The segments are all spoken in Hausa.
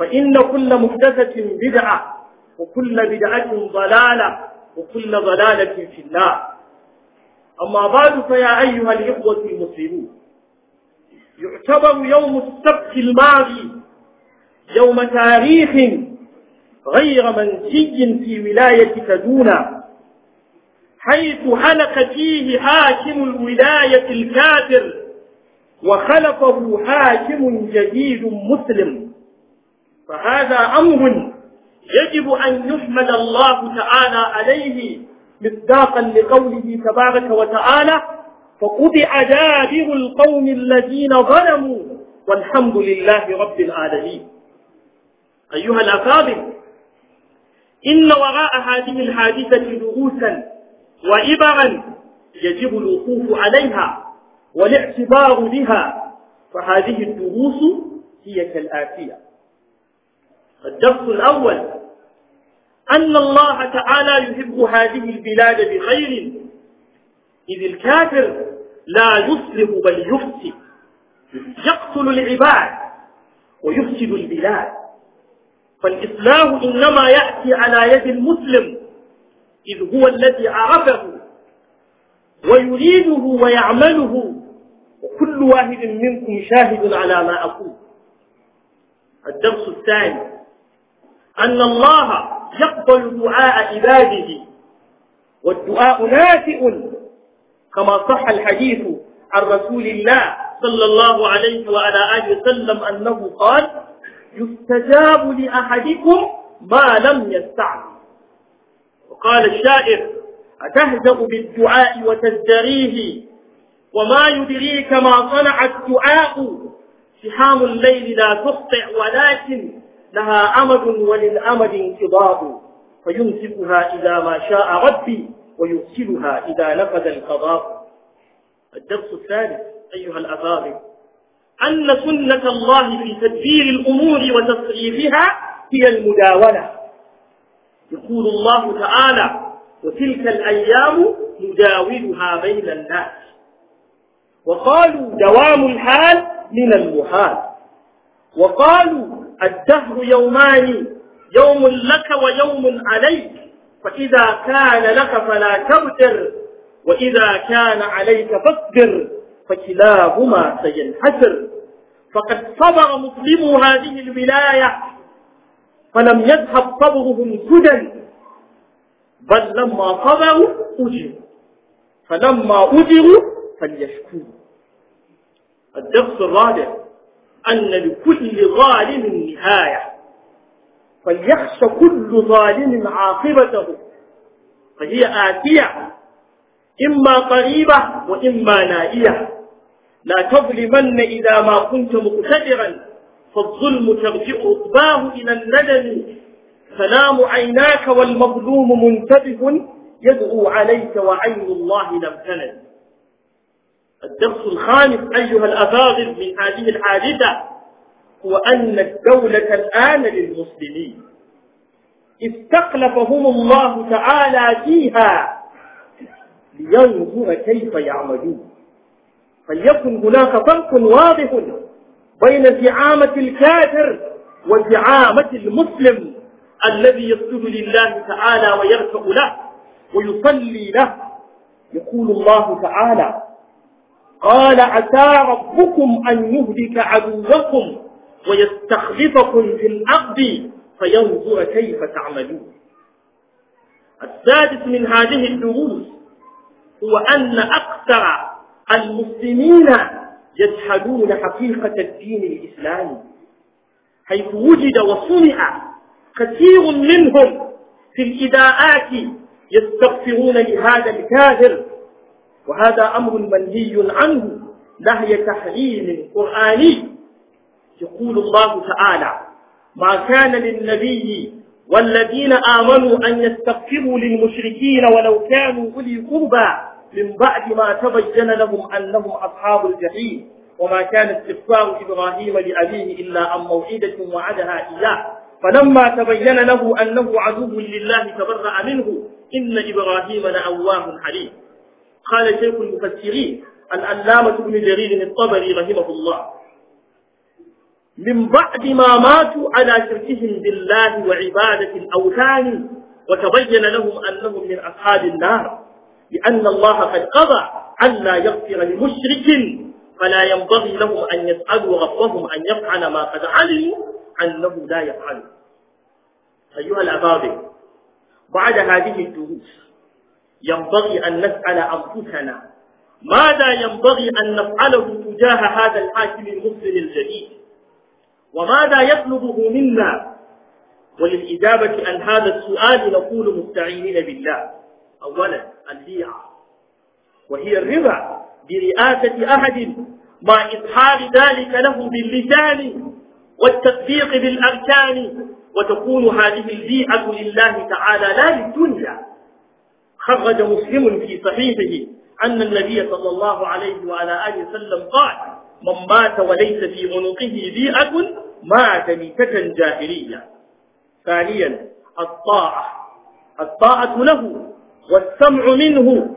فإن كل محدثة بدعة وكل بدعة ضلالة وكل ضلالة في الله أما بعد فيا أيها الإخوة المسلمون يعتبر يوم السبت الماضي يوم تاريخ غير منسي في ولاية كدونا حيث حلق فيه حاكم الولاية الكافر وخلفه حاكم جديد مسلم فهذا أمر يجب أن يحمد الله تعالى عليه مصداقا لقوله تبارك وتعالى فقطع دابر القوم الذين ظلموا والحمد لله رب العالمين أيها الأفاضل إن وراء هذه الحادثة دروسا وإبرا يجب الوقوف عليها والاعتبار بها فهذه الدروس هي كالآتية الدرس الأول أن الله تعالى يحب هذه البلاد بخير إذ الكافر لا يصلح بل يفسد يقتل العباد ويفسد البلاد فالإصلاح إنما يأتي على يد المسلم إذ هو الذي عرفه ويريده ويعمله وكل واحد منكم شاهد على ما أقول الدرس الثاني أن الله يقبل دعاء عباده والدعاء نافع كما صح الحديث عن رسول الله صلى الله عليه وعلى آله وسلم أنه قال يستجاب لأحدكم ما لم يستعمل وقال الشاعر أتهزأ بالدعاء وتزدريه وما يدريك ما صنع الدعاء سحام الليل لا تخطئ ولكن لها أمد وللأمد انقضاء فيمسكها إذا ما شاء ربي ويرسلها إذا نفذ القضاء الدرس الثالث أيها الأفاضل أن سنة الله في تدبير الأمور وتصريفها هي المداولة يقول الله تعالى وتلك الأيام نداولها بين الناس وقالوا دوام الحال من المحال وقالوا الدهر يومان يوم لك ويوم عليك فإذا كان لك فلا تبتر وإذا كان عليك فاصبر فكلاهما سينحسر فقد صبر مسلمو هذه الولاية فلم يذهب صبرهم سدى بل لما صبروا أجروا فلما أجروا فليشكروا الدرس الرابع أن لكل ظالم نهاية فليخش كل ظالم عاقبته فهي آتية إما قريبة وإما نائية لا تظلمن إذا ما كنت مقتدرا فالظلم ترجع عقباه إلى الندم سلام عيناك والمظلوم منتبه يدعو عليك وعين الله لم تنزل الدرس الخامس أيها الأفاضل من هذه الحادثة هو أن الدولة الآن للمسلمين استخلفهم الله تعالى فيها لينظر كيف يعملون فليكن هناك فرق واضح بين زعامة الكافر وزعامة المسلم الذي يسجد لله تعالى ويركع له ويصلي له يقول الله تعالى قال عسى ربكم أن يهلك عدوكم ويستخلفكم في الأرض فينظر كيف تعملون السادس من هذه الدروس هو أن أكثر المسلمين يجحدون حقيقة الدين الإسلامي حيث وجد وصنع كثير منهم في الإداءات يستغفرون لهذا الكافر وهذا أمر منهي عنه نهي تحريم قرآني يقول الله تعالى ما كان للنبي والذين آمنوا أن يستغفروا للمشركين ولو كانوا أولي قربى من بعد ما تبين لهم أنهم أصحاب الجحيم وما كان استغفار إبراهيم لأبيه إلا عن موعدة وعدها إياه فلما تبين له أنه عدو لله تبرأ منه إن إبراهيم لأواه حليم قال شيخ المفسرين الألامة بن جرير الطبري رحمه الله من بعد ما ماتوا على شركهم بالله وعبادة الأوثان وتبين لهم أنهم من أصحاب النار لأن الله قد قضى ألا يغفر لمشرك فلا ينبغي لهم أن يسألوا ربهم أن يفعل ما قد علموا أنه لا يفعل أيها الأبابل بعد هذه الدروس ينبغي أن نسأل أنفسنا ماذا ينبغي أن نفعله تجاه هذا الحاكم المسلم الجديد وماذا يطلبه منا وللإجابة عن هذا السؤال نقول مستعينين بالله أولا البيعة وهي الربا برئاسة أحد مع إظهار ذلك له باللسان والتطبيق بالأركان وتكون هذه البيعة لله تعالى لا للدنيا خرج مسلم في صحيحه أن النبي صلى الله عليه وعلى آله وسلم قال من مات وليس في عنقه بيئة مات ميتة جاهلية ثانيا الطاعة الطاعة له والسمع منه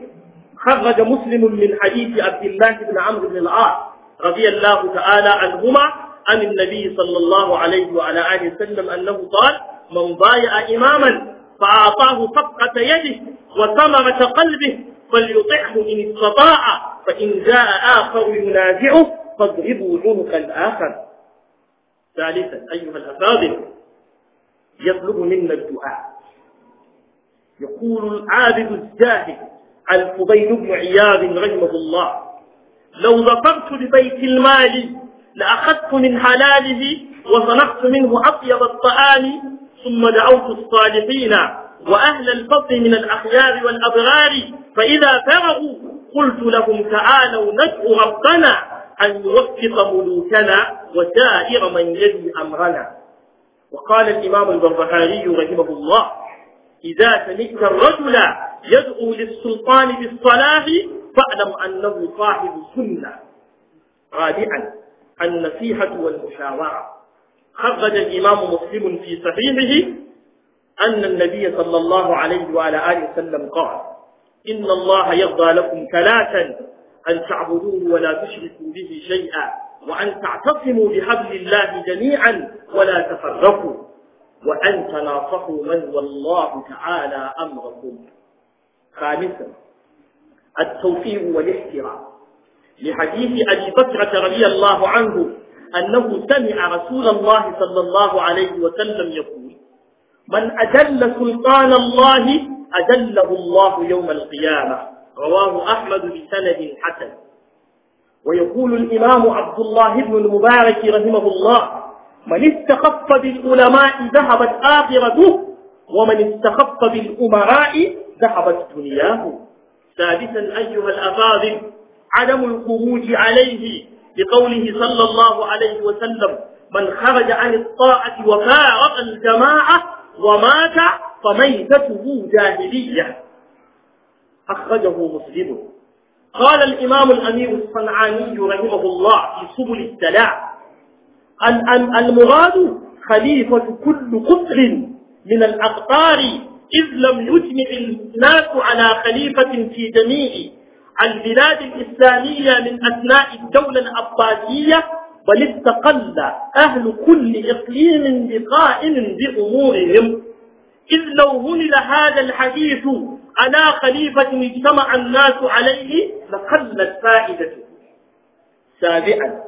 خرج مسلم من حديث عبد الله بن عمرو بن العاص رضي الله تعالى عنهما عن النبي صلى الله عليه وعلى آله وسلم أنه قال من بايع إماما فأعطاه صفقة يده وثمرة قلبه فليطعه إن استطاع فإن جاء آخر ينازعه فاضربوا عنق الآخر ثالثا أيها الأفاضل يطلب منا الدعاء يقول العابد الزاهد الفضيل بن عياض رحمه الله لو ظفرت ببيت المال لأخذت من حلاله وصنعت منه أطيب الطعام ثم دعوت الصالحين وأهل الفضل من الأخيار والأبرار فإذا فرغوا قلت لهم تعالوا ندعو ربنا أن يوفق ملوكنا وسائر من يلي أمرنا وقال الإمام البربهاري رحمه الله إذا سمعت الرجل يدعو للسلطان بالصلاح فاعلم أنه صاحب سنة رابعا النصيحة والمشاورة خرج الإمام مسلم في صحيحه أن النبي صلى الله عليه وعلى آله وسلم قال إن الله يرضى لكم ثلاثا أن تعبدوه ولا تشركوا به شيئا وأن تعتصموا بحبل الله جميعا ولا تفرقوا وأن تناصحوا من والله تعالى أمركم خامسا التوفيق والاحترام لحديث أبي بكرة رضي الله عنه أنه سمع رسول الله صلى الله عليه وسلم يقول من أجل سلطان الله أجله الله يوم القيامة رواه أحمد بسند حسن ويقول الإمام عبد الله بن المبارك رحمه الله من استخف بالعلماء ذهبت آخرته ومن استخف بالأمراء ذهبت دنياه ثالثا أيها الأفاضل عدم الخروج عليه لقوله صلى الله عليه وسلم من خرج عن الطاعة وفارق الجماعة ومات فميتته جاهلية أخرجه مسلم قال الإمام الأمير الصنعاني رحمه الله في سبل الدلاء المراد خليفة كل قطر من الأقطار إذ لم يجمع الناس على خليفة في جميع البلاد الإسلامية من أثناء الدولة العباسية بل استقل أهل كل إقليم بقائم بأمورهم إذ لو هنل هذا الحديث على خليفة اجتمع الناس عليه لقلت فائدته سابعا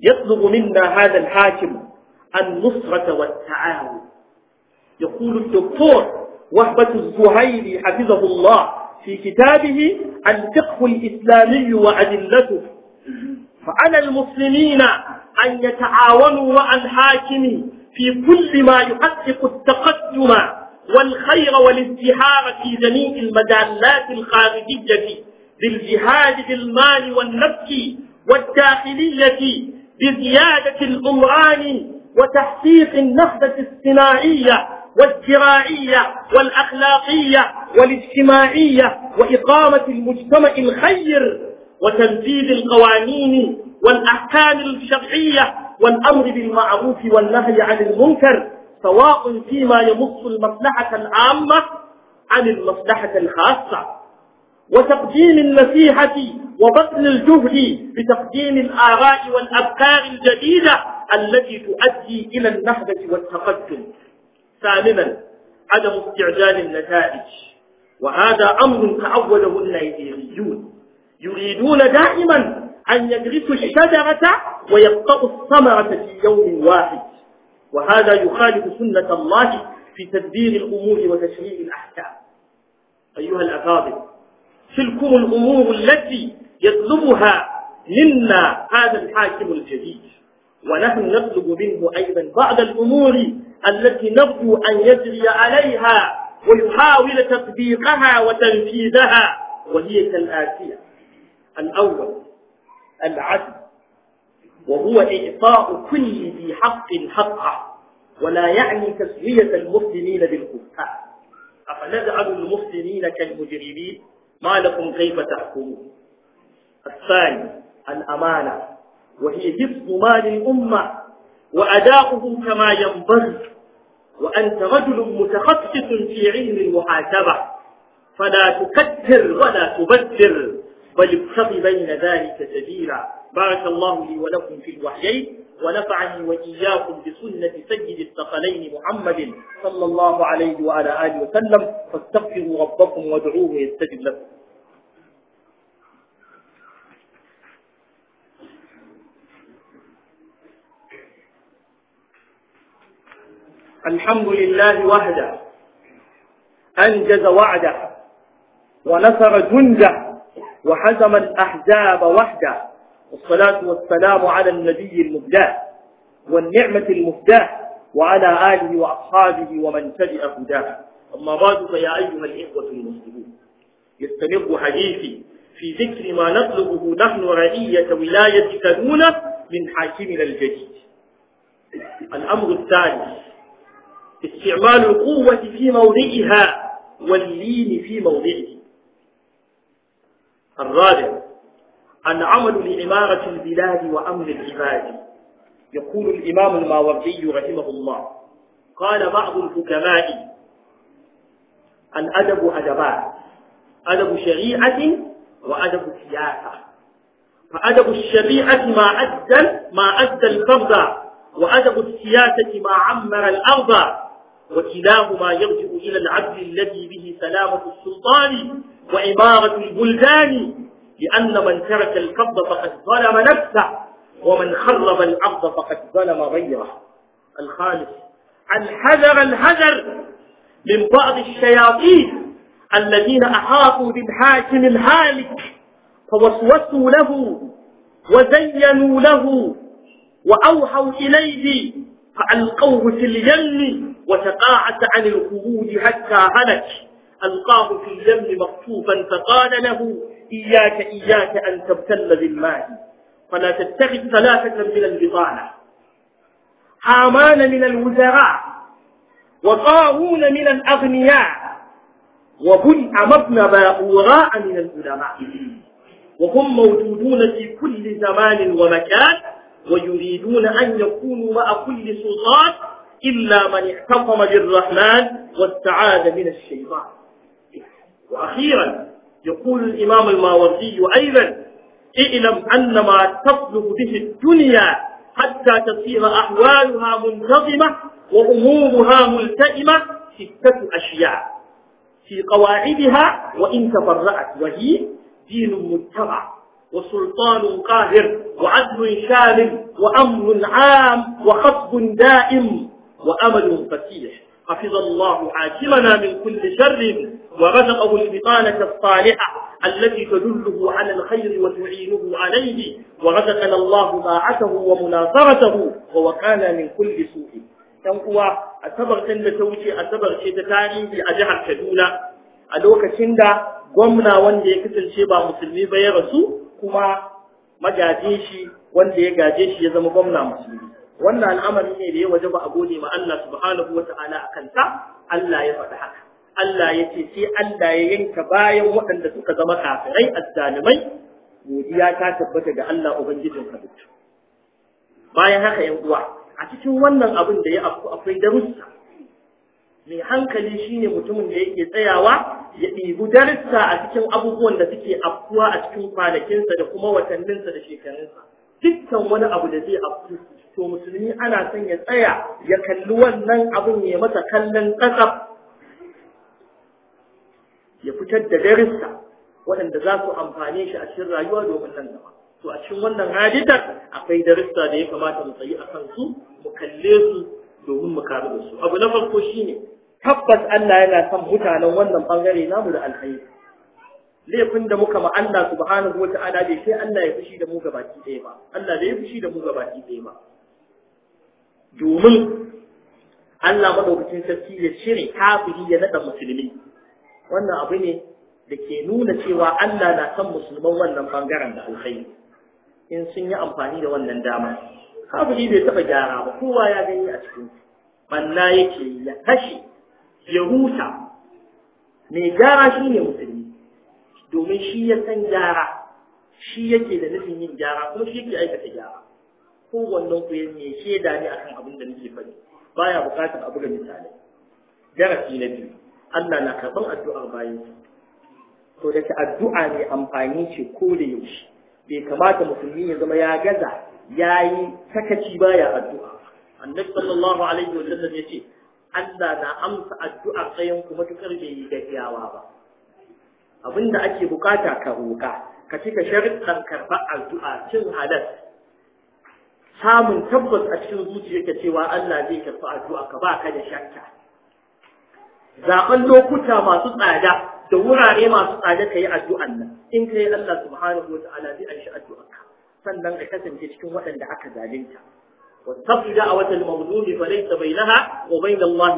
يطلب منا هذا الحاكم النصرة والتعاون يقول الدكتور وهبة الزهيري حفظه الله في كتابه الفقه الإسلامي وأدلته فعلى المسلمين أن يتعاونوا مع الحاكم في كل ما يحقق التقدم والخير والازدهار في جميع المجالات الخارجية بالجهاد بالمال والنفس والداخلية بزيادة الأمران وتحقيق النهضة الصناعية والزراعية والأخلاقية والاجتماعية وإقامة المجتمع الخير وتنفيذ القوانين والأحكام الشرعية والأمر بالمعروف والنهي عن المنكر سواء فيما يمص المصلحة العامة عن المصلحة الخاصة وتقديم النصيحة وبذل الجهد بتقديم الآراء والأفكار الجديدة التي تؤدي إلى النهضة والتقدم ثامنا عدم استعجال النتائج وهذا أمر تعوده النيجيريون يريدون دائما أن يجرسوا الشجرة ويقطعوا الثمرة في يوم واحد وهذا يخالف سنة الله في تدبير الأمور وتشريع الأحكام أيها الأفاضل تلكم الأمور التي يطلبها منا هذا الحاكم الجديد ونحن نطلب منه أيضا بعض الأمور التي نرجو أن يجري عليها ويحاول تطبيقها وتنفيذها وهي كالآتية الأول العدل وهو إعطاء كل ذي حق حقه ولا يعني تسوية المسلمين بالكفار أفنجعل المسلمين كالمجرمين ما لكم كيف تحكمون الثاني الأمانة وهي حفظ مال الأمة وأداؤه كما ينبغي وأنت رجل متخصص في علم المحاسبة فلا تكثر ولا تبذر بل ابتغ بين ذلك سبيلا بارك الله لي ولكم في الوحيين ونفعني وإياكم بسنة سيد الثقلين محمد صلى الله عليه وعلى آله وسلم فاستغفروا ربكم وادعوه يستجب لكم الحمد لله وحده أنجز وعده ونصر جنده وحزم الأحزاب وحده والصلاة والسلام على النبي المبدع والنعمة المهداه وعلى آله وأصحابه ومن تبع هداه أما بعد فيا أيها الإخوة المسلمون يستمر حديثي في ذكر ما نطلبه نحن رعية ولاية كنونة من حاكمنا الجديد الأمر الثالث استعمال القوة في موضعها واللين في موضعه الرابع العمل لعمارة البلاد وأمن العباد يقول الإمام الماوردي رحمه الله قال بعض الحكماء الأدب أدبان أدب شريعة وأدب سياسة فأدب الشريعة ما أدى ما أدى الفرد وأدب السياسة ما عمر الأرض وكلاهما يرجع إلى العدل الذي به سلامة السلطان وعمارة البلدان لأن من ترك الكفر فقد ظلم نفسه ومن خرب الأرض فقد ظلم غيره الخامس الحذر الحذر من بعض الشياطين الذين أحاطوا بالحاكم الهالك فوسوسوا له وزينوا له وأوحوا إليه فألقوه في الجنة وتقاعس عن الخروج حتى هلك ألقاه في الجنب مكتوفا فقال له إياك إياك أن تبتل بالماء فلا تتخذ ثلاثة من البطانة حامان من الوزراء وقارون من الأغنياء وبلعم ابن باوراء من العلماء وهم موجودون في كل زمان ومكان ويريدون أن يكونوا مع كل سلطان إلا من اعتصم بالرحمن واستعاذ من الشيطان وأخيرا يقول الإمام الماوردي أيضا اعلم أن ما تطلب به الدنيا حتى تصير أحوالها منتظمة وأمورها ملتئمة ستة أشياء في قواعدها وإن تفرعت وهي دين متبع وسلطان قاهر وعدل شامل وأمر عام وخطب دائم وأمل فتيح حفظ الله حاكمنا من كل شر ورزقه البطانة الصالحة التي تدله على الخير وتعينه عليه ورزقنا الله طاعته ومناصرته ووقانا من كل سوء تنقوى أسبر تند توجي أسبر شيء تتاريه أجهر كدولة ألوك تند gwamna wanda ya kasance ba musulmi ba ya rasu kuma magaje shi wanda ya gaje shi ya zama gwamna musulmi wannan al'amari ne da ya waje ba a gode ma Allah subhanahu wa ta'ala a kanta Allah ya faɗi haka Allah ya ce sai Allah ya yanka bayan waɗanda suka zama kafirai azzalumai godiya ta tabbata ga Allah ubangijin ka. bayan haka yan uwa a cikin wannan abin da ya afku akwai darussa mai hankali shine mutumin da yake tsayawa ya ɗibi darussa a cikin abubuwan da suke afkuwa a cikin kwanakinsa da kuma watanninsa da shekarunsa dukkan wani abu da zai afku to musulmi ana son ya tsaya ya kalli wannan abin ya masa kallon kasaf ya fitar da darissa waɗanda za su amfane shi a cikin rayuwa domin nan gaba to a cikin wannan hadisar akwai darissa da ya kamata mu tsayi a kan mu kalle su domin mu karu da su abu na farko shine tabbas Allah yana son mutanen wannan bangare namu da alkhairi laifin da muka ma Allah subhanahu wata'ala bai sai Allah ya fushi da mu gabaki ɗaya ba Allah bai fushi da mu gabaki ɗaya ba domin Allah maɗaukacin sarki ya cire kafiri ya naɗa musulmi wannan abu ne da ke nuna cewa Allah na san musulman wannan bangaren da alkhairi in sun yi amfani da wannan dama kafiri bai taɓa gyara ba kowa ya gani a cikin manna yake ya kashe ya huta mai gyara shine musulmi domin shi ya san gyara shi yake da nufin yin gyara kuma shi yake aikata gyara wannan ku ne shaida ne akan abin da nake faɗi baya buƙatar abu da misali. darasi na biyu Allah na karɓar addu'ar bayansa to da addu'a ne amfani ce ko da yaushe bai kamata musulmi ya zama ya gaza ya yi sakaci baya addu'a annabi sallallahu alaihi sallam ya ce Allah na amsa addu'a tsayin kuma tukar bai yi gajiyawa ba abinda ake bukata ka roka ka cika sharuɗan karɓar addu'a cin halal samun tabbas a cikin zuciyarka cewa Allah zai karɓi addu'a ka ba ka da shakka lokuta masu tsada da wurare masu tsada ka yi addu'an nan in ka yi Allah subhanahu wa ta'ala zai aishi ka. sannan ka kasance cikin waɗanda aka zalunta wasabbi da a watan mawdudi fa laysa bainaha wa bain Allah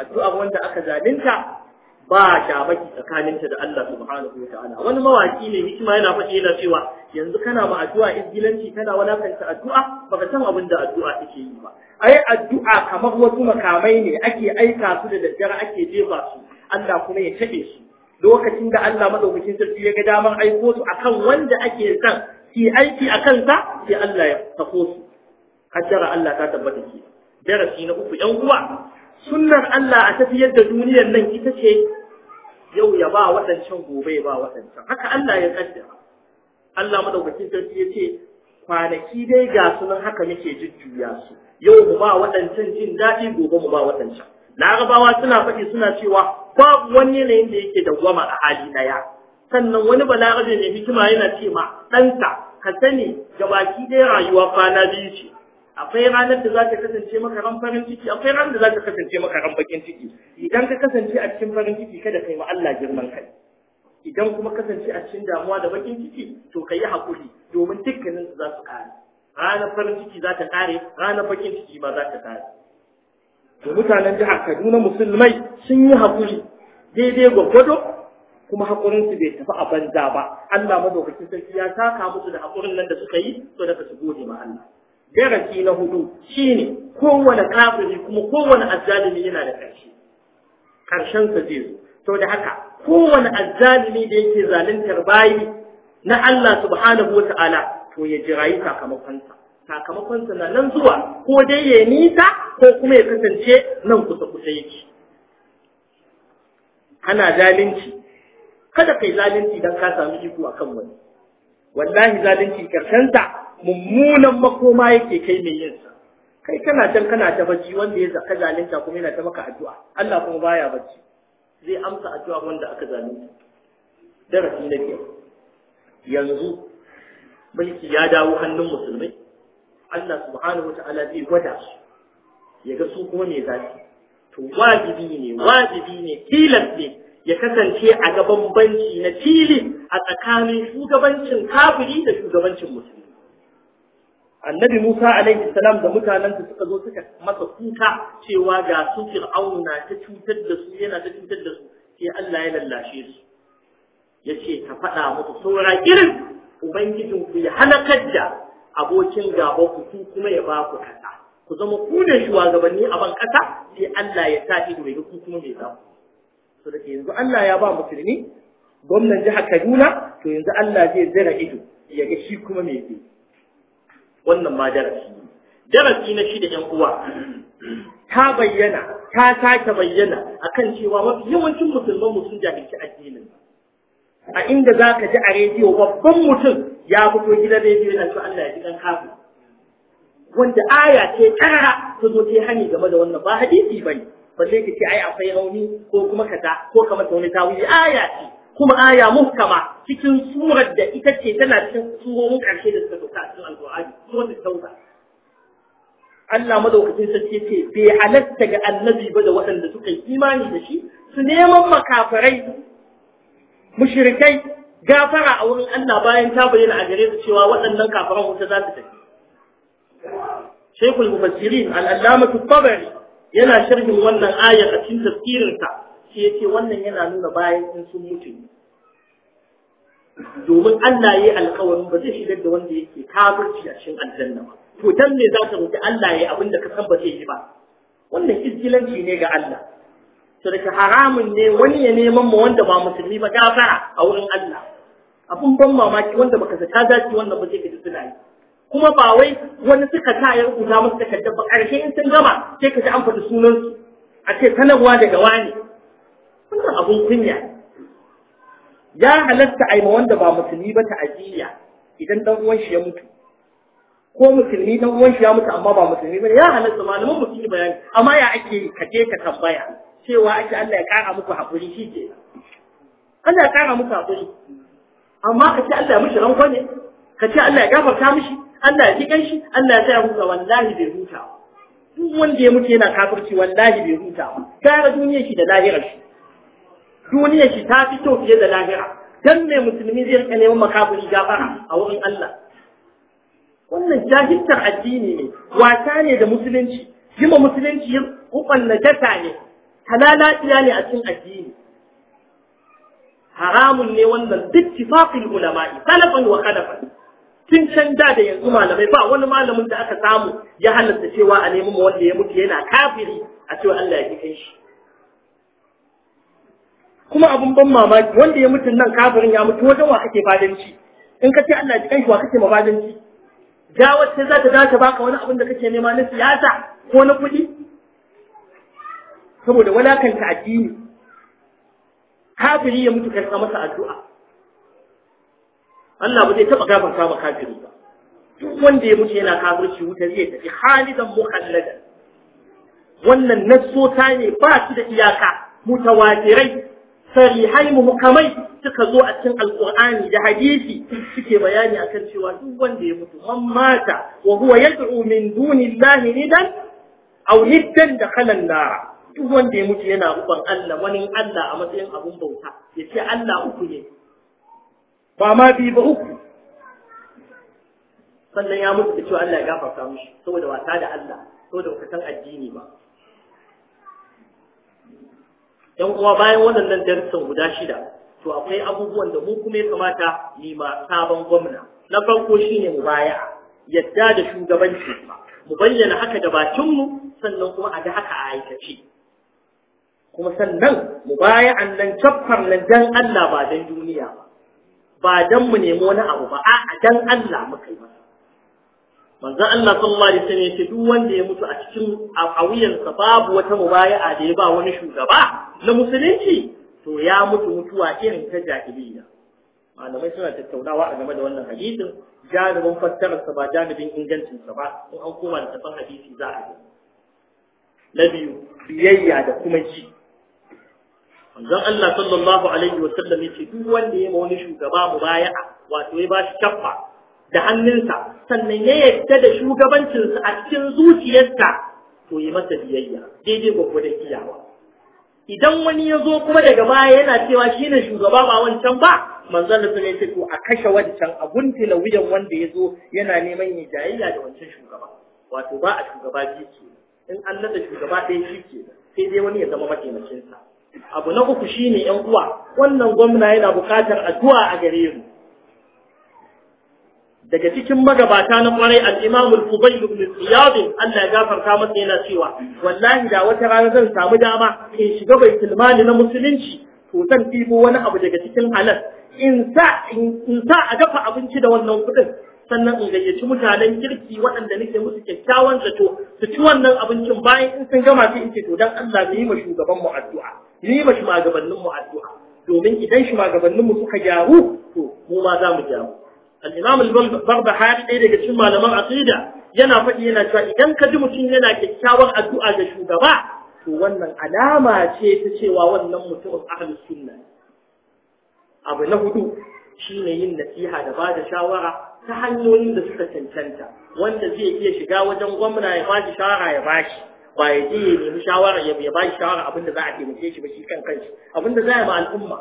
addu'a wanda aka zalunta ba tsakanin tsakaninta da Allah subhanahu wa ta'ala wani mawaki ne hikima yana faɗi yana cewa yanzu kana ba addu'a izgilanci kana walakanta addu'a baka san abin da addu'a take yi ba ai addu'a kamar wasu makamai ne ake aika su da daddare ake jefa su Allah kuma ya taɓe su lokacin da Allah madaukakin sarki ya ga daman aiko su akan wanda ake son ki aiki a kansa sai Allah ya sako su kaddara Allah ta tabbata ki darasi na uku yan uwa sunnar Allah a tafiyar da duniyar nan ita ce yau ya ba waɗancan gobe ya ba waɗancan haka Allah ya kaddara Allah madaukakin sarki ya ce kwanaki dai ga sunan haka muke jujjuya su yau mu ba waɗancan jin daɗi gobe mu ba waɗancan larabawa suna faɗi suna cewa babu wani yanayin da yake da goma a hali ɗaya sannan wani balarabe mai hikima yana ce ma ɗanka ka sani gabaki ɗaya rayuwa kwana biyu ce akwai ranar da za ka kasance maka ran farin ciki akwai ranar da za ka kasance maka bakin ciki idan ka kasance a cikin farin ciki kada kai ma Allah girman kai idan kuma kasance a cikin damuwa da bakin ciki to ka yi hakuri domin dukkanin su za su kare ranar farin ciki za ta kare ranar bakin ciki ma za ta kare to mutanen jihar Kaduna musulmai sun yi hakuri daidai gwaggwado kuma haƙurinsu bai tafi a banza ba Allah madaukakin sarki ya saka musu da hakurin nan da suka yi so ka su gode ma Allah Garaki na hudu shine kowane kafiri kuma kowane azzalimi yana da ƙarshe ƙarshen ka zai zo to da haka kowane azzalimi da yake zaluntar bayi na Allah subhanahu wata'ala to ya jirayi sakamakonsa sakamakonsa na nan zuwa ko dai ya nisa ko kuma ya kasance nan kusa kusa yake ana zalunci kada kai zalunci dan ka samu iko akan wani wallahi zalunci karshenta mummunan makoma yake kai mai yin sa kai kana can kana ta bacci wanda ya zaka zalunta kuma yana ta maka addu'a Allah kuma baya bacci zai amsa addu'a wanda aka zalunta darasi na biyar yanzu mulki ya dawo hannun musulmai Allah subhanahu wataala zai gwada ya ga su kuma me zafi to wajibi ne wajibi ne tilas ne ya kasance a gaban banci na fili a tsakanin shugabancin kafiri da shugabancin musulmi annabi Musa alaihi salam da mutanensa suka zo suka masa kuka cewa ga su Fir'aunu na ta cutar da su yana ta cutar da su sai Allah ya lallashe su yace ka faɗa musu saura irin ubangijin ku ya halakar da abokin gaba ku kuma ya ba ku kasa ku zama ku da shugabanni a ban kasa sai Allah ya sa ido ya ku kuma mai zaku so da yanzu Allah ya ba musulmi gwamnan jihar Kaduna to yanzu Allah zai zira ido ya ga shi kuma mai zai wannan ma darasi darasi na shi da yan uwa ta bayyana ta sake bayyana akan cewa mafi yawancin musulman mu sun jahilci addinin a inda za ka ji a rediyo babban mutum ya fito gidan rediyo yana cewa Allah ya ji dan kafin wanda aya ce karara ta zo ta hani game da wannan ba hadisi bane balle ka ce ai akwai rauni ko kuma kaza ko kamar wani wuce aya ce kuma aya muhkama cikin surar da ita ce tana cikin surorin ƙarshe da suka sauka a cikin alƙur'ani surar da ta Allah madaukakin sarki ce bai halatta ga annabi ba da waɗanda suka yi imani da shi su neman makafarai mushrikai gafara a wurin Allah bayan ta bayyana a gare su cewa waɗannan kafaran wuta za su tafi Sheikhul Mufassirin al-Allamah Tabari yana sharhin wannan ayar a cikin tafsirinsa sai ya ce wannan yana nuna bayan in sun mutu ne domin Allah ya yi alkawarin ba zai shigar da wanda yake kafirci a cikin aljanna ba to dan ne za ka roƙi Allah ya yi abin da ka san ba zai yi ba wannan izgilanci ne ga Allah to da haramun ne wani ya neman ma wanda ba musulmi ba gafara a wurin Allah Abin ban mamaki wanda baka zata dace wannan ba zai ka ji suna yi kuma ba wai wani suka ta ya rubuta musu takardar ba ƙarshe in sun gama sai ka ji an faɗi sunansu a ce sanarwa daga wani wannan abun kunya ya halatta a ma wanda ba musulmi ba ajiya idan dan uwan shi ya mutu ko musulmi dan uwan shi ya mutu amma ba musulmi ba ya halatta malaman musulmi bayani amma ya ake kaje ka tambaya cewa ake Allah ya kara muku hakuri ke Allah ya kara muku hakuri amma ce Allah ya mishi ranko ne ce Allah ya gafarta mishi Allah ya ji shi Allah ya tsaya huta wallahi bai huta duk wanda ya mutu yana kafirci wallahi bai huta ba kare duniyar shi da lahirar shi duniyar shi ta fito fiye da lahira dan mai musulmi zai rika neman makafiri gafara a wurin Allah wannan jahiltar addini ne wata ne da musulunci jima musulunci ya kubanna jata ne halalatiya ne a cikin addini haramun ne wannan duk tifafin ulama'i salafan wa khalafan tun can da da yanzu malamai ba wani malamin da aka samu ya halatta cewa a neman wanda ya mutu yana kafiri a cewa Allah ya kai shi kuma abun ban mamaki wanda ya mutu nan kafirin ya mutu wajen wa kake fadanci in ka ce Allah ji kanshi wa kake mafadanci jawar sai za ta za ta baka wani abin da kake nema na siyasa ko na kuɗi saboda ka addini kafiri ya mutu karɓa masa addu'a Allah ba zai taɓa gafarta ba kafiri ba duk wanda ya mutu yana kafirci wuta zai tafi halidan mukalladan wannan nassota ne ba su da iyaka mutawatirai sarihai mukamai suka zo a cikin alqur'ani da hadisi suke bayani akan cewa duk wanda ya mutu man mata wa huwa yad'u min dunillahi nidan aw hiddan da nar duk wanda ya mutu yana uban Allah wani Allah a matsayin abun bauta ya ce Allah uku ne ba ma bi ba uku sannan ya mutu da cewa Allah ya gafarta mishi saboda wata da Allah saboda kasan addini ba dan kuma bayan wannan darussan guda shida to akwai abubuwan da mu kuma ya kamata ni ma sabon gwamna na farko shine mu baya yadda da shugabanci mu bayyana haka da bakin mu sannan kuma a ga haka a aikace kuma sannan mu baya annan kafar nan dan Allah ba dan duniya ba ba dan mu nemi wani abu ba a dan Allah muka yi manzo Allah sallallahu alaihi wasallam yace duk wanda ya mutu a cikin awiyansa babu wata mubaya'a da ya ba wani shugaba na musulunci to ya mutu mutuwa irin ta jahiliya malamai suna tattaunawa a game da wannan hadisin fassarar fassararsa ba ingancin ingancinsa ba in an koma da tafan hadisi za a yi na biyayya da kuma ji manzon Allah sallallahu alaihi wa yace duk wanda ya ma wani shugaba mubaya'a wato ya ba shi kaffa da hannunsa sannan ya yadda da shugabancinsa a cikin zuciyarsa to yi masa biyayya daidai da iyawa idan wani ya zo kuma daga baya yana cewa shi ne shugaba ba wancan ba manzon da sun ce to a kashe wancan a guntula wuyan wanda ya zo yana neman yi jayayya da wancan shugaba wato ba a shugaba biyu ke in an nada shugaba ɗaya shi ke sai dai wani ya zama mataimakinsa abu na uku shine yan uwa wannan gwamna yana buƙatar addu'a a gare mu daga cikin magabata na kwarai al-Imam al-Fudail Allah ya gafarta masa yana cewa wallahi da wata rana zan samu dama in shiga bai mali na musulunci to zan ɗibo wani abu daga cikin halal in sa a dafa abinci da wannan kuɗin sannan in gayyaci mutanen kirki waɗanda nake musu kyakkyawan zato su ci wannan abincin bayan in sun gama sai in ce to dan Allah mu yi ma shugaban mu addu'a ni ma shugabannin mu addu'a domin idan shugabannin mu suka gyaru to mu ma za mu gyaru al-imam al-barbahari ɗaya daga cikin malaman aqida yana faɗi yana cewa idan ka ji mutum yana kyakkyawar addu'a ga shugaba to wannan alama ce ta cewa wannan mutumin ahlus sunna abu na hudu shine yin nasiha da bada shawara ta hanyoyin da suka cancanta wanda zai iya shiga wajen gwamna ya bashi shawara ya bashi ba ya je ya nemi shawara ya bashi shawara abinda za a taimake shi ba shi kan kanshi abinda za a yi ma al'umma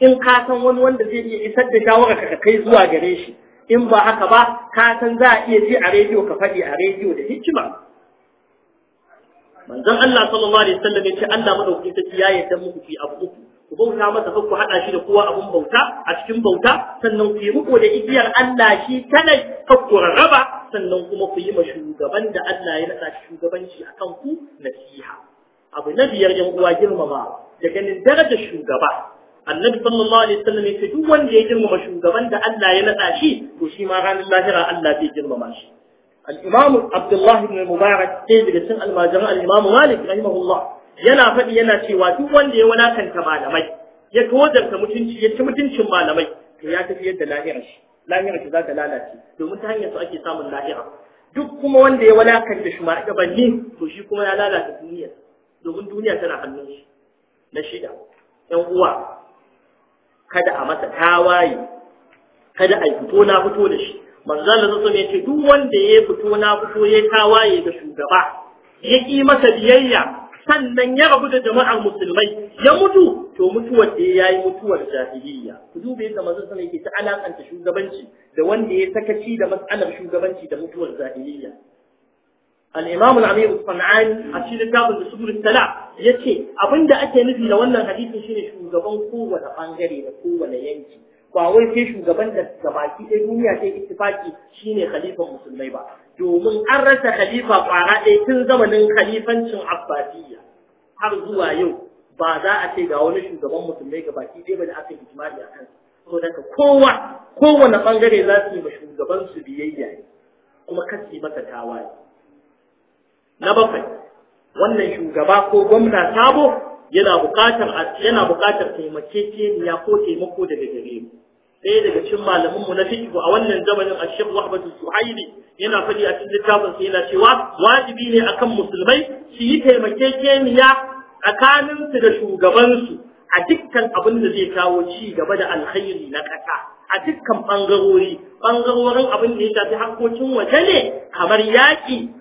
in ka san wani wanda zai iya isar da shawara ka kai zuwa gare shi in ba haka ba ka san za a iya ji a rediyo ka faɗi a rediyo da hikima manzon Allah sallallahu alaihi wasallam ya ce Allah madaukakin sarki ya yarda muku fi abu uku ku bauta masa ku hada shi da kowa abun bauta a cikin bauta sannan ku yi muku da igiyar Allah shi kanai ka raba sannan kuma ku yi ma shugaban da Allah ya nada shugabanci akan ku nasiha abu na biyar yan uwa girmama da ganin darajar shugaba annabi sallallahu alaihi wasallam ya duk wanda ya girmama shugaban da Allah ya nada shi to shi ma ranar lahira Allah zai girmama shi al-imam Abdullah ibn Mubarak sai daga cikin almajiran al-imam Malik rahimahullah yana faɗi yana cewa duk wanda ya wulakanta malamai ya tozarta mutunci ya ci mutuncin malamai to ya tafi yadda lahira shi Lahira shi za ta lalace domin ta hanyar su ake samun lahira duk kuma wanda ya wulakanta shi ma gabanni to shi kuma ya lalata duniyar domin duniya tana hannun shi na shida ‘yan uwa kada a masa tawaye kada a fito na fito da shi manzo Allah sallallahu alaihi duk wanda ya fito na fito ya tawaye ga shugaba ya ki masa biyayya sannan ya rabu da jama'ar musulmai ya mutu to mutuwar da ya yi mutuwar jahiliya ku dube yadda manzo sallallahu yake ta alakanta shugabanci da wanda ya sakaci da mas'alar shugabanci da mutuwar jahiliya al-imam al-amir al-sanani a cikin kitabul usul al-salah yace abinda ake nufi da wannan hadisin shine shugaban kowane bangare da kowane yanki ba wai sai shugaban da baki ɗaya duniya ta ittifaki shine khalifan musulmai ba domin an rasa khalifa kwara ɗaya tun zamanin khalifancin abbasiyya har zuwa yau ba za a ce da wani shugaban musulmai gabaki ɗaya ba da aka yi ijma'i a kansa to daga kowa kowane bangare za su yi ma shugaban su biyayya kuma kasi masa tawaye na bakwai wannan shugaba ko gwamna sabo yana buƙatar yana buƙatar ko taimako daga gare mu ɗaya daga cikin malamin mu na fiqh a wannan zamanin Sheikh Wahbah Suhaili yana faɗi a cikin littafin sa yana cewa wajibi ne akan musulmai su yi taimakekeniya tsakanin su da shugabansu a dukkan abin da zai kawo ci gaba da alkhairi na ƙasa a dukkan ɓangarori ɓangarorin abin da ya shafi harkokin waje ne kamar yaƙi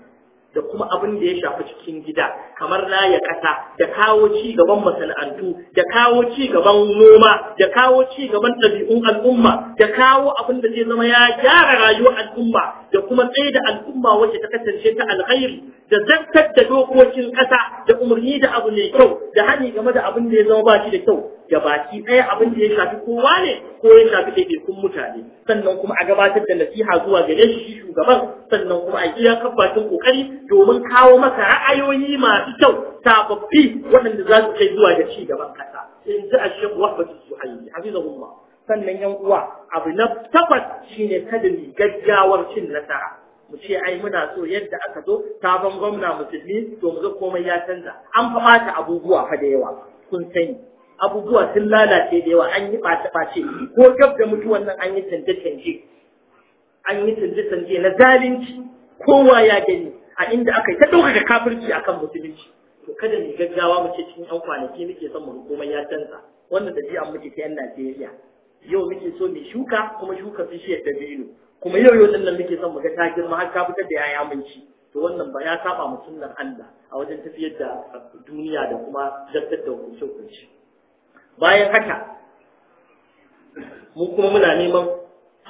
da kuma abin da ya shafi cikin gida kamar raya ƙasa da kawo ci gaban masana'antu da kawo ci gaban noma da kawo ci gaban ɗabi'un al'umma da kawo abin da zai zama ya gyara rayuwar al'umma da kuma tsaye da al'umma wacce ta kasance ta alkhairi da zartar da dokokin ƙasa da umarni da abu mai kyau da hani game da abin da ya zama ba shi da kyau ga baki ɗaya abin da ya shafi kowa ne ko ya shafi ɗaiɗaikun mutane sannan kuma a gabatar da nasiha zuwa gare shi shi shugaban sannan kuma a iya kabbacin ƙoƙari domin kawo masa ra'ayoyi masu kyau sababbi waɗanda za su kai zuwa ga ci gaban ƙasa in ji a shi wahbatu suhaili sannan yan uwa abu na takwas shine kada mu gaggawar cin nasara mu ce ai muna so yadda aka zo sabon gwamna musulmi to mu ga komai ya canza an fa mata abubuwa fa da yawa kun sani abubuwa sun lalace da yawa an yi ɓace-ɓace ko gab da mutuwan nan an yi canje-canje an yi canje-canje na zalunci kowa ya gani a inda aka yi ta ɗaukaka kafirci akan musulunci to kada mu gaggawa mu ce cikin yan kwanaki muke son mu kuma ya canza wannan da an muke ta yan Najeriya yau muke so mu shuka kuma shuka bishiyar da dabino kuma yau yau nan muke son mu ga ta girma har ka fitar da yaya mun ci to wannan ba ya saba mu sunnar Allah a wajen tafiyar da duniya da kuma jaddada da hukunce-hukunce. bayan haka mu kuma muna neman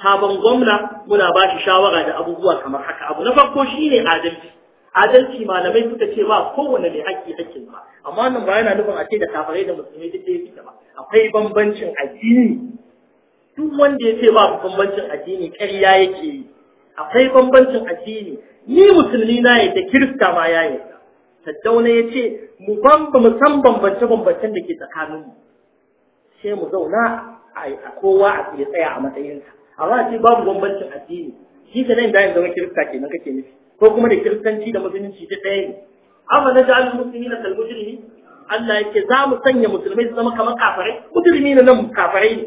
sabon gwamna muna ba shi shawara da abubuwa kamar haka abu na farko shi ne adalci adalci malamai suka ce ba kowane mai haƙƙi haƙƙin ba amma nan ba yana nufin a ce da kafirai da musulmai duk ya ba akwai bambancin addini duk wanda ya ce ba bambancin addini ƙarya yake yi akwai bambancin addini ni musulmi na yadda kirista ma ya yadda tattauna ya ce mu mu san bambance-bambancen da ke tsakanin mu. sai mu zauna a kowa a ya tsaya a matsayinsa amma ce babu bambancin addini shi ka nan bayan zama kirista nan kake nufi ko kuma da kiristanci da musulunci ta ɗaya ne amma na Musulmi muslimina kal mujrimi Allah yake za mu sanya musulmai su zama kamar kafirai mujrimi na nan kafirai ne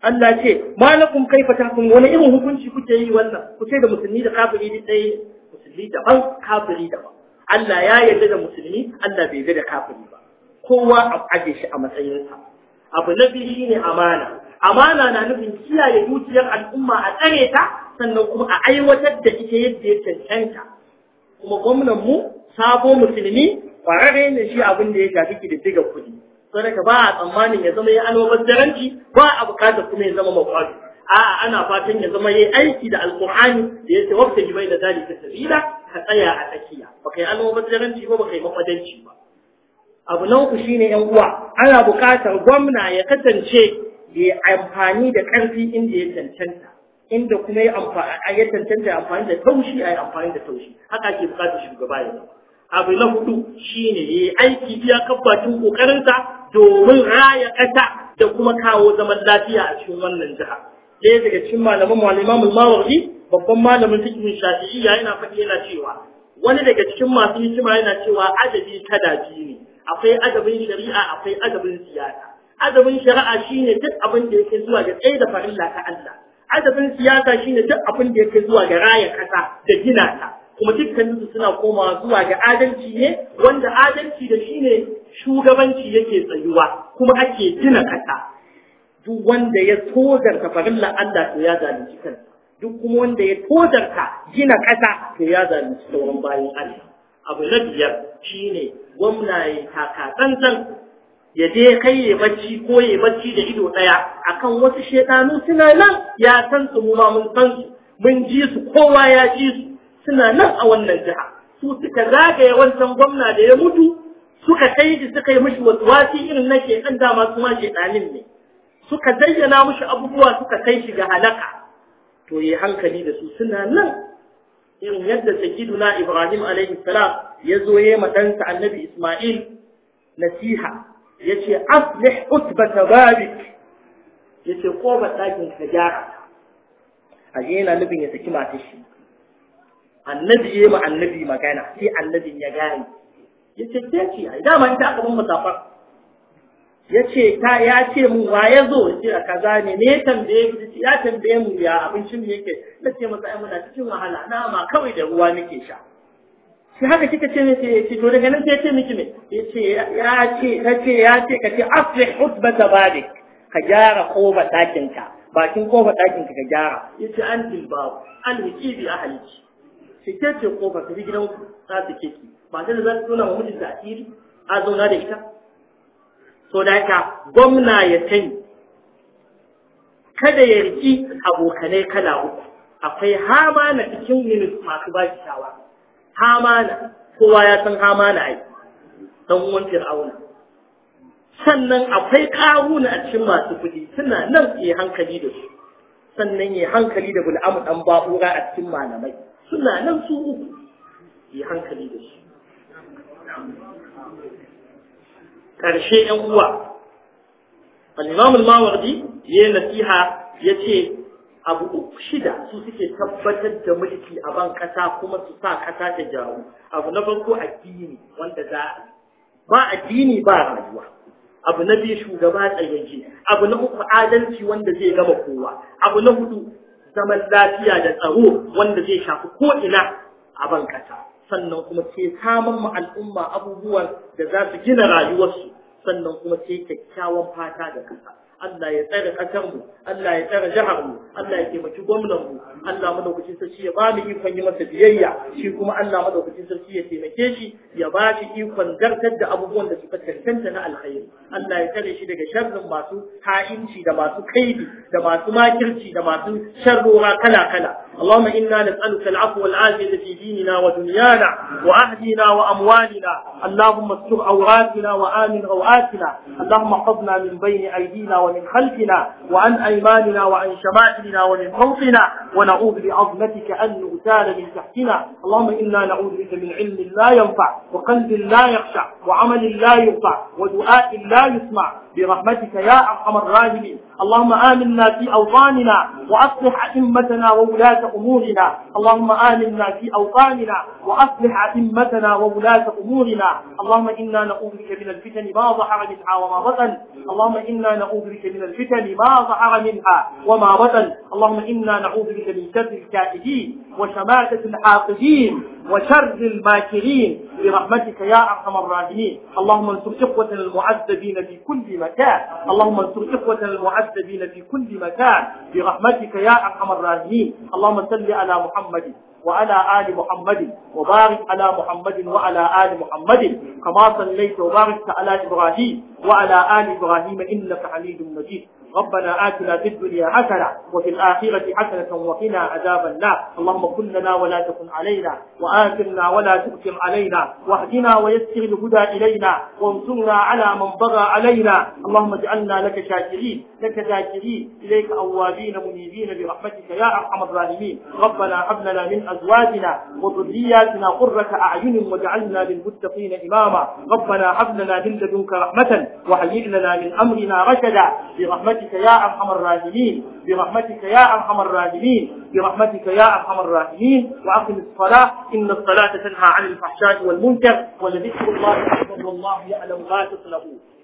Allah ce malakum kaifa tahkum wani irin hukunci kuke yi wannan kuke da musulmi da kafiri ne ɗaya musulmi daban kafiri daban Allah ya yarda da musulmi Allah bai yarda da kafiri ba kowa a aje shi a matsayinsa abu na biyu shine amana amana na nufin kiyaye dukiyar al'umma a tsare ta sannan kuma a aiwatar da ita yadda ya cancanta kuma gwamnan mu sabo musulmi kwararre ne shi abin da ya shafi kididdigar kuɗi sai daga ba a tsammanin ya zama ya almubazzaranci ba a bukatar kuma ya zama makwado a'a ana fatan ya zama ya aiki da alkur'ani da ya ce wafta jibai da zalika sabila ka tsaya a tsakiya ba kai almubazzaranci ba ba kai makwadanci ba abu na uku shine yan uwa ana buƙatar gwamna ya kasance ya amfani da ƙarfi inda ya cancanta inda kuma ya cancanta ya amfani da taushi a yi amfani da taushi haka ke buƙatar shugaba ya abu na hudu shine ya aiki biya bakin ƙoƙarinsa domin raya ƙasa da kuma kawo zaman lafiya a cikin wannan jiha ɗaya daga cikin malaman malamamul mawardi babban malamin fikihin shafi'iyya yana faɗi yana cewa wani daga cikin masu hikima yana cewa adadi kada biyu ne akwai adabin shari'a akwai adabin siyasa adabin shari'a shine duk abin da yake zuwa ga tsaye da farilla ta Allah adabin siyasa shine duk abin da yake zuwa ga raya kasa da gina ta kuma dukkan su suna komawa zuwa ga adalci ne wanda adalci da shine shugabanci yake tsayuwa kuma ake gina kasa duk wanda ya tozarta farilla Allah to ya zalunci kansa duk kuma wanda ya tozarta gina kasa to ya zalunci sauran bayan Allah abu na biyar shine gwamna ya taka tsantsan ya je kai ya bacci ko ya bacci da ido ɗaya akan wasu shekaru suna nan ya san su mu mun san su mun ji su kowa ya ji su suna nan a wannan jiha su suka zagaye wancan gwamna da ya mutu suka kai shi suka yi mishi wasi irin na ke shekan dama ke shedanin ne suka zayyana mishi abubuwa suka kai shi ga halaka to yi hankali da su suna nan irin yadda sakiduna Ibrahim alaihi salam ya zo yayi matansa Annabi Isma'il nasiha yace aslih utbata babik yace ko ba dakin ka gyara aje yana nufin ya saki mata shi annabi yayi ma annabi magana sai annabi ya gane yace sai ce ai dama ita aka mun musafar ya ce ta ya ce mu wa ya zo ce a kaza ne ne tambaye mu ya tambaye mu ya abincin ne yake na ce masa ai muna cikin wahala nama kawai da ruwa nake sha shi haka kika ce ne ce to daga nan sai ce miki ne ya ce ya ce ta ce ya ce ka ce aslih hutbata zabalik ka gyara kofa dakin ka bakin kofa dakin ka ka gyara ya ce an tilbabu an hiki bi ahaliki shi ke ce kofa ta gidan ku ta su keki ba ta da za ta tona wa mijinta asiri a zauna da ita so da haka gwamna ya sani kada ya riki abokanai kala uku akwai hamana cikin minis masu ba shi hama hamana kowa ya san hamana ai dan uwan fir'auna sannan akwai karuna a cikin masu kuɗi suna nan ke hankali da su sannan ya hankali da bul'amu dan ba'ura a cikin malamai suna nan su uku ke hankali da su ƙarshe ‘yan uwa al'imam mawardi ya yi nasiha ya ce abu uku shida su suke tabbatar da mulki a ban ƙasa kuma su sa ƙasa ta jawo abu na farko addini wanda za a ba addini ba rayuwa abu na biyu shugaba tsayayye abu na uku adalci wanda zai gama kowa abu na hudu zaman lafiya da tsaro wanda zai shafi ko ina a ban ƙasa sannan kuma ke samun ma al'umma abubuwan da za su gina rayuwarsu sannan kuma sai kyakkyawan fata da kasa Allah ya tsare ƙasarmu. Allah ya tsare jihar mu Allah ya taimaki gwamnan mu Allah madaukakin sarki ya ba mu ikon yi masa biyayya shi kuma Allah madaukacin sarki ya taimake shi ya ba shi ikon gartar da abubuwan da suka cancanta na alkhairi Allah ya tsare shi daga sharrin masu ha'inci da masu kaidi da masu makirci da masu sharrora kala kala اللهم إنا نسألك العفو والعافية في ديننا ودنيانا وأهلنا وأموالنا اللهم استر عوراتنا وآمن روآتنا اللهم احفظنا من بين أيدينا ومن خلفنا وعن أيماننا وعن شمائلنا ومن فوقنا ونعوذ بعظمتك أن نغتال من تحتنا اللهم إنا نعوذ بك من علم لا ينفع وقلب لا يخشع وعمل لا يرفع ودعاء لا يسمع برحمتك يا أرحم الراحمين اللهم آمنا في أوطاننا وأصلح أئمتنا وولاة أمورنا اللهم آمنا في أوطاننا وأصلح أئمتنا وولاة أمورنا اللهم إنا نعوذ بك من الفتن ما ظهر منها وما بطن اللهم إنا نعوذ بك من الفتن ما ظهر منها وما بطن اللهم إنا نعوذ بك من شر الكائدين وشماتة الحاقدين وشر الماكرين برحمتك يا أرحم الراحمين اللهم انصر إخوتنا المعذبين في كل مكان اللهم انصر إخوتنا المعذبين في كل مكان برحمتك يا أرحم الراحمين اللهم صل على محمد وعلى آل محمد وبارك على محمد وعلى آل محمد كما صليت وباركت على إبراهيم وعلى آل إبراهيم إنك حميد مجيد ربنا آتنا في الدنيا حسنة وفي الآخرة حسنة وقنا عذاب النار اللهم كن لنا ولا تكن علينا وآثرنا ولا تؤثر علينا واهدنا ويسر الهدى إلينا وانصرنا على من بغى علينا اللهم اجعلنا لك شاكرين لك ذاكرين إليك أوابين منيبين برحمتك يا أرحم الراحمين ربنا هب لنا من أزواجنا وذرياتنا قرة أعين واجعلنا للمتقين إماما ربنا هب لنا من لدنك رحمة وهيئ لنا من أمرنا رشدا برحمتك برحمتك يا أرحم الراحمين برحمتك يا أرحم الراحمين برحمتك يا أرحم الراحمين وأقم الصلاة إن الصلاة تنهى عن الفحشاء والمنكر ولذكر الله أكبر والله يعلم ما تصنعون